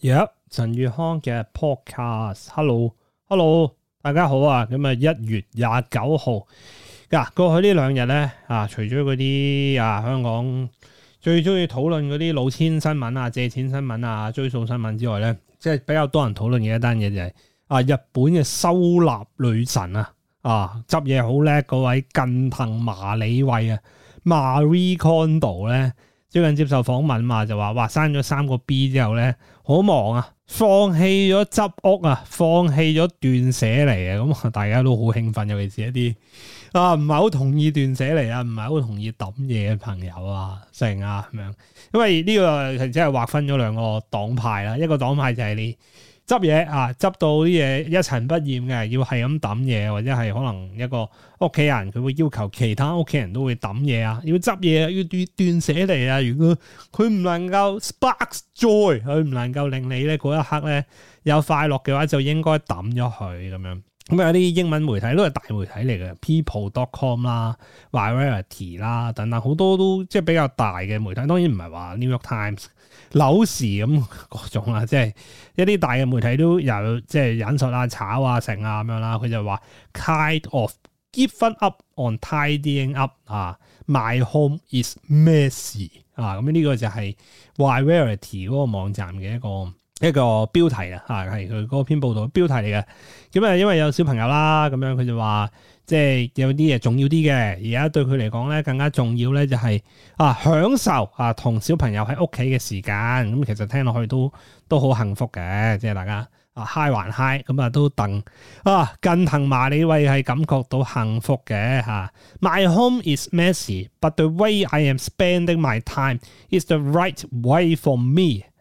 Yep 陳月康嘅 podcast，hello hello，大家好啊！咁啊，一月廿九號嗱，過去呢兩日咧啊，除咗嗰啲啊香港最中意討論嗰啲老千新聞啊、借錢新聞啊、追數新聞之外咧，即係比較多人討論嘅一單嘢就係啊，日本嘅收納女神啊啊，執嘢好叻嗰位近藤麻理惠啊，Marie Kondo 咧最近接受訪問嘛，就話話生咗三個 B 之後咧。好忙啊！放棄咗執屋啊，放棄咗斷捨離啊！咁大家都好興奮，啊，尤其是一啲啊唔係好同意斷捨離啊，唔係好同意抌嘢嘅朋友啊，成啊咁樣，因為呢個係真係劃分咗兩個黨派啦，啊，一個黨派就係你。執嘢啊，執到啲嘢一塵不染嘅，要係咁抌嘢，或者係可能一個屋企人佢會要求其他屋企人都會抌嘢啊，要執嘢啊，要斷斷捨離啊。如果佢唔能夠 spark joy，佢唔能夠令你咧嗰一刻咧有快樂嘅話，就應該抌咗佢咁樣。咁啊！有啲英文媒體都係大媒體嚟嘅，People.com 啦、People. Variety 啦等等，好多都即係比較大嘅媒體。當然唔係話 New York Times、紐時咁各種啦、啊，即係一啲大嘅媒體都有即係引述啦、啊、炒啊、成啊咁樣啦。佢就話 Kind of give up on tidying up 啊，my home is messy 啊。咁、嗯、呢、這個就係 Variety 嗰個網站嘅一個。一個標題啊，嚇係佢嗰篇報道標題嚟嘅。咁啊，因為有小朋友啦，咁樣佢就話，即係有啲嘢重要啲嘅。而家對佢嚟講咧，更加重要咧就係啊，享受啊，同小朋友喺屋企嘅時間。咁其實聽落去都都好幸福嘅，即係大家啊 high 還 high，咁啊都等。啊近藤麻理惠係感覺到幸福嘅嚇。My home is messy, but the way I am spending my time is the right way for me.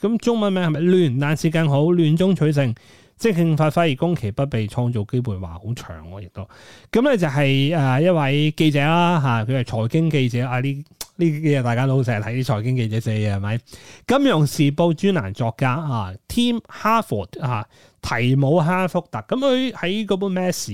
咁中文名係咪亂？但係時間好亂中取勝，即興發揮而攻其不備，創造機會，話好長喎、啊，亦都、就係。咁咧就係誒一位記者啦，嚇佢係財經記者，啊呢呢啲嘢大家都成日睇啲財經記者寫嘢係咪？係係《金融時報》專欄作家啊，Tim Harford 啊，提姆哈福特，咁佢喺嗰本《Mess》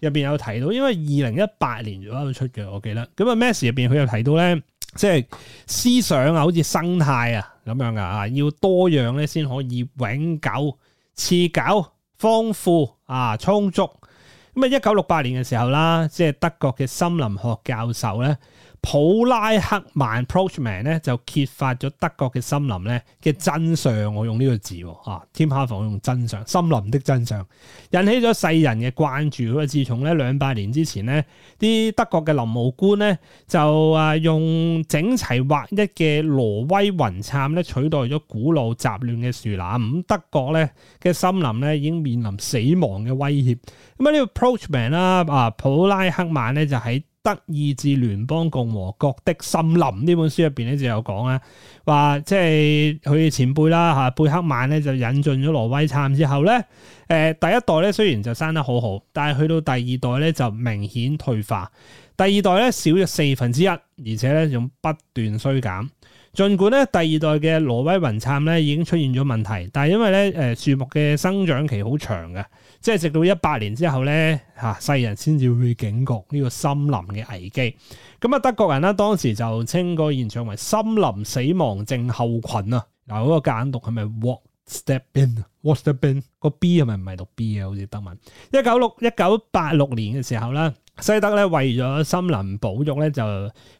入邊有提到，因為二零一八年左右，佢出嘅，我記得。咁啊，《Mess》入邊佢又提到咧。即係思想啊，好似生態啊咁樣噶啊，要多樣咧，先可以永久持久豐富啊充足。咁啊，一九六八年嘅時候啦，即係德國嘅森林學教授咧。普拉克曼 （Prochman） 咧就揭發咗德國嘅森林咧嘅真相，我用呢個字喎嚇 Tim 哈佛用真相，森林的真相引起咗世人嘅關注。自從咧兩百年之前咧，啲德國嘅林務官咧就啊用整齊劃一嘅挪威雲杉咧取代咗古老雜亂嘅樹林，咁德國咧嘅森林咧已經面臨死亡嘅威脅。咁啊呢個 Prochman 啦，啊普拉克曼咧就喺《德意志聯邦共和國的森林》呢本書入邊咧就有講咧，話即係佢嘅前輩啦嚇貝克曼咧就引進咗挪威杉之後咧，誒、呃、第一代咧雖然就生得好好，但係去到第二代咧就明顯退化，第二代咧少咗四分之一，而且咧仲不斷衰減。儘管咧第二代嘅挪威雲杉咧已經出現咗問題，但係因為咧誒樹木嘅生長期好長嘅，即係直到一百年之後咧嚇，世人先至會警覺呢個森林嘅危機。咁啊，德國人啦當時就稱個現象為森林死亡症候群啊。嗱，嗰個簡讀係咪 Waldsterben？Waldsterben？sterben? 個 B 係咪唔係讀 B 嘅？好似德文。一九六一九八六年嘅時候啦。西德咧為咗森林保育咧，就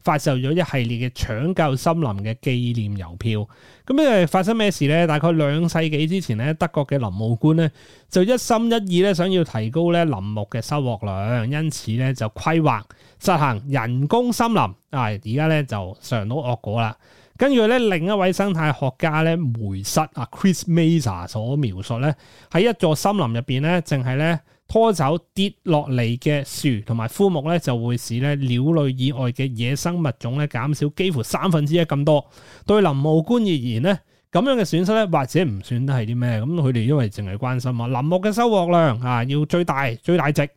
發售咗一系列嘅搶救森林嘅紀念郵票。咁、因為、咧發生咩事咧？大概兩世紀之前咧，德國嘅林務官咧就一心一意咧想要提高咧林木嘅收穫量，因此咧就規劃實行人工森林。啊、哎，而家咧就嘗到惡果啦。跟住咧另一位生態學家咧梅塞啊 Chris Maser、er、所描述咧喺一座森林入邊咧，淨係咧。拖走跌落嚟嘅樹同埋枯木咧，就會使咧鳥類以外嘅野生物種咧減少幾乎三分之一咁多。對林務官而言咧，咁樣嘅損失咧，或者唔算得係啲咩。咁佢哋因為淨係關心啊，林木嘅收穫量啊，要最大最大值。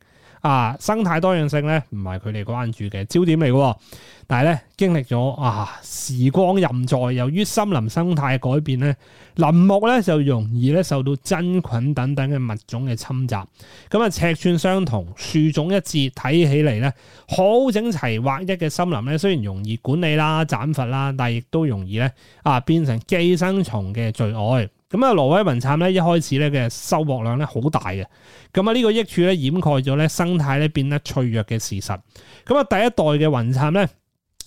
啊，生態多樣性咧唔係佢哋關注嘅焦點嚟嘅，但係咧經歷咗啊時光任在，由於森林生態改變咧，林木咧就容易咧受到真菌等等嘅物種嘅侵襲。咁啊，尺寸相同、樹種一致，睇起嚟咧，好整齊劃一嘅森林咧，雖然容易管理啦、斬伐啦，但係亦都容易咧啊變成寄生蟲嘅最愛。咁啊，挪威雲杉咧，一開始咧嘅收穫量咧好大嘅。咁啊，呢個益處咧掩蓋咗咧生態咧變得脆弱嘅事實。咁啊，第一代嘅雲杉咧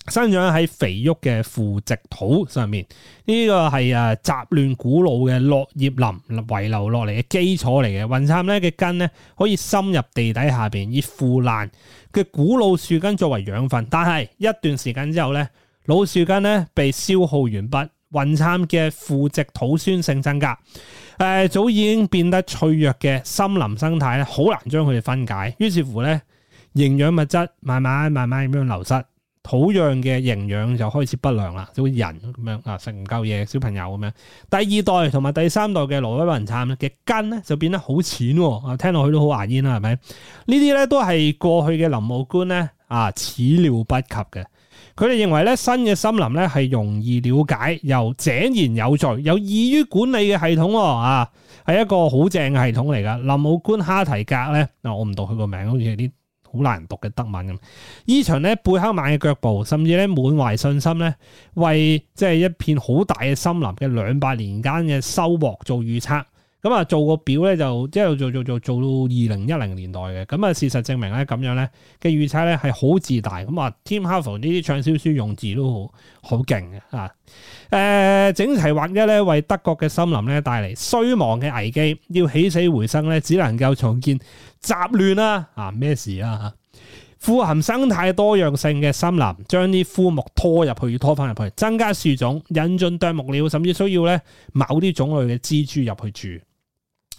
生長喺肥沃嘅腐殖土上面，呢個係誒雜亂古老嘅落葉林遺留落嚟嘅基礎嚟嘅。雲杉咧嘅根咧可以深入地底下邊以腐爛嘅古老樹根作為養分，但係一段時間之後咧，老樹根咧被消耗完畢。雲杉嘅腐殖土酸性增加，誒、呃，早已經變得脆弱嘅森林生態咧，好難將佢哋分解，於是乎咧，營養物質慢慢慢慢咁樣流失，土壤嘅營養就開始不良啦，就好似人咁樣啊，食唔夠嘢，小朋友咁樣。第二代同埋第三代嘅挪威雲杉嘅根咧就變得好淺，啊，聽落去都好牙煙啦，啊，係咪？呢啲咧都係過去嘅林務官咧啊，始料不及嘅。佢哋認為咧，新嘅森林咧係容易了解、又井然有序、又易於管理嘅系統啊，係一個好正嘅系統嚟噶。林務官哈提格咧，嗱，我唔讀佢個名，好似係啲好難讀嘅德文咁。呢場咧貝克曼嘅腳步，甚至咧滿懷信心咧，為即係一片好大嘅森林嘅兩百年間嘅收穫做預測。咁啊，做個表咧就即係做做做做到二零一零年代嘅。咁啊事實證明咧咁樣咧嘅預測咧係好自大。咁啊 Tim Harford 呢啲暢銷書用字都好好勁嘅嚇，誒、啊、整齊劃一咧為德國嘅森林咧帶嚟衰亡嘅危機，要起死回生咧只能夠重建雜亂啦、啊，啊咩事啊？富含生態多樣性嘅森林，將啲枯木拖入去，要拖翻入去，增加樹種，引進啄木鳥，甚至需要咧某啲種類嘅蜘蛛入去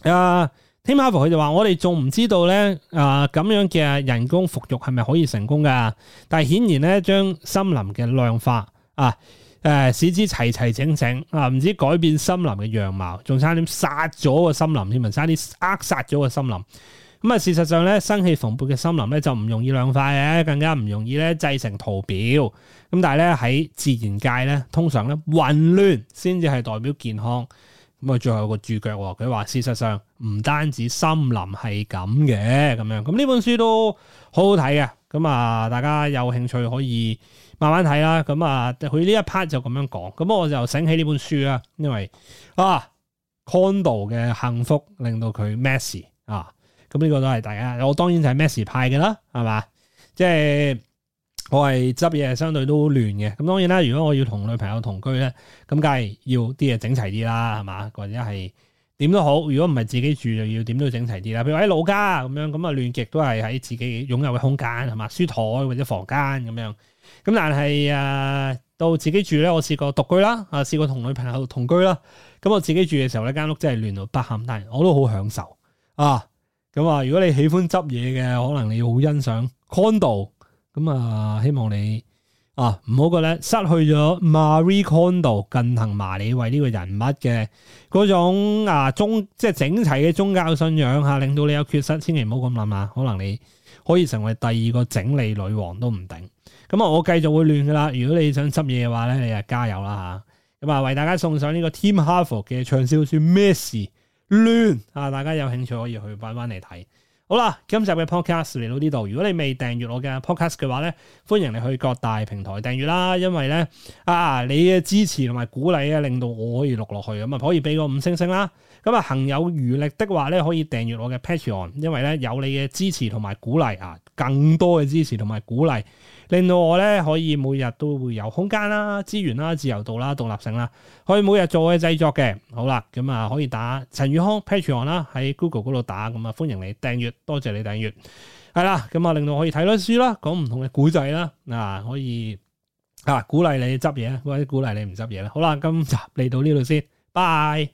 住。啊 Tim Half 佢就話：我哋仲唔知道咧？啊、呃，咁樣嘅人工復育係咪可以成功噶？但係顯然咧，將森林嘅量化啊，誒、呃，使之齊齊整整啊，唔止改變森林嘅樣貌，仲差啲殺咗個森林添，差啲扼殺咗個森林。咁啊，事實上咧，生氣蓬勃嘅森林咧就唔容易量化嘅，更加唔容易咧製成圖表。咁但係咧喺自然界咧，通常咧混亂先至係代表健康。咁啊，最後有個注腳佢話，事實上唔單止森林係咁嘅咁樣。咁呢本書都好好睇嘅。咁啊，大家有興趣可以慢慢睇啦。咁啊，佢呢一 part 就咁樣講。咁我就醒起呢本書啦，因為啊，Kondo 嘅幸福令到佢 messy 啊。咁呢個都係大家，我當然就係 mess 派嘅啦，係嘛？即係我係執嘢，相對都亂嘅。咁當然啦，如果我要同女朋友同居咧，咁梗係要啲嘢整齊啲啦，係嘛？或者係點都好，如果唔係自己住，就要點都整齊啲啦。譬如喺老家咁樣，咁啊亂極都係喺自己擁有嘅空間，係嘛？書枱或者房間咁樣。咁但係啊，到自己住咧，我試過獨居啦，啊試過同女朋友同居啦。咁我自己住嘅時候咧，間屋真係亂到不堪大，但我都好享受啊！咁啊，如果你喜歡執嘢嘅，可能你好欣賞 Kondo、嗯。咁啊，希望你啊唔好嘅咧，覺得失去咗 Marie Kondo 近藤麻理惠呢個人物嘅嗰種啊宗即係整齊嘅宗教信仰吓，令到你有缺失，千祈唔好咁諗啊。可能你可以成為第二個整理女王都唔定。咁、嗯、啊，我繼續會亂噶啦。如果你想執嘢嘅話咧，你啊加油啦吓。咁啊，為大家送上呢個 Tim Harford 嘅暢銷書 Messy 亂啊！大家有興趣可以去揾翻嚟睇。好啦，今集嘅 podcast 嚟到呢度。如果你未訂閱我嘅 podcast 嘅話咧，歡迎你去各大平台訂閱啦。因為咧啊，你嘅支持同埋鼓勵啊，令到我可以錄落去咁啊，可以俾個五星星啦。咁、嗯、啊，行有餘力的話咧，可以訂閱我嘅 Patreon 因為咧有你嘅支持同埋鼓勵啊，更多嘅支持同埋鼓勵。令到我咧可以每日都會有空間啦、資源啦、自由度啦、獨立性啦，可以每日做嘅製作嘅，好啦，咁啊可以打陳宇康 Patreon 啦，喺 Google 嗰度打，咁啊歡迎你訂閱，多謝你訂閱，係啦，咁啊令到可以睇到啲書啦，講唔同嘅古仔啦，嗱、啊、可以啊，鼓勵你執嘢，或者鼓勵你唔執嘢啦，好啦，咁今集嚟到呢度先，bye。